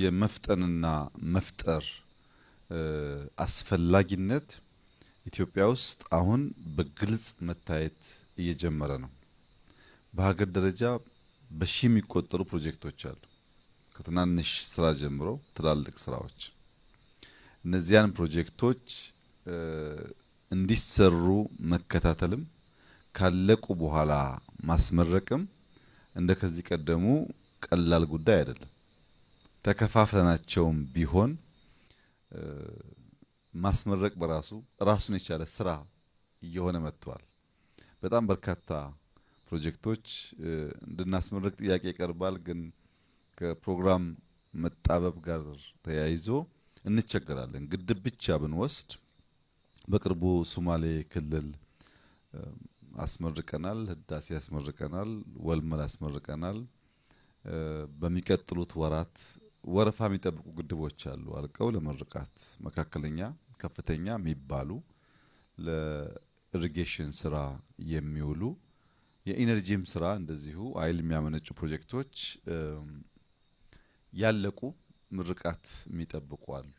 የመፍጠንና መፍጠር አስፈላጊነት ኢትዮጵያ ውስጥ አሁን በግልጽ መታየት እየጀመረ ነው። በሀገር ደረጃ በሺ የሚቆጠሩ ፕሮጀክቶች አሉ። ከትናንሽ ስራ ጀምሮ ትላልቅ ስራዎች እነዚያን ፕሮጀክቶች እንዲሰሩ መከታተልም ካለቁ በኋላ ማስመረቅም እንደ ከዚህ ቀደሙ ቀላል ጉዳይ አይደለም። ተከፋፍተናቸውም ቢሆን ማስመረቅ በራሱ ራሱን የቻለ ስራ እየሆነ መጥቷል። በጣም በርካታ ፕሮጀክቶች እንድናስመርቅ ጥያቄ ይቀርባል፣ ግን ከፕሮግራም መጣበብ ጋር ተያይዞ እንቸገራለን። ግድብ ብቻ ብንወስድ በቅርቡ ሶማሌ ክልል አስመርቀናል፣ ህዳሴ አስመርቀናል፣ ወልመል አስመርቀናል። በሚቀጥሉት ወራት ወረፋ የሚጠብቁ ግድቦች አሉ። አልቀው ለመርቃት መካከለኛ፣ ከፍተኛ የሚባሉ ለኢሪጌሽን ስራ የሚውሉ የኢነርጂም ስራ እንደዚሁ አይል የሚያመነጩ ፕሮጀክቶች ያለቁ ምርቃት የሚጠብቁ አሉ።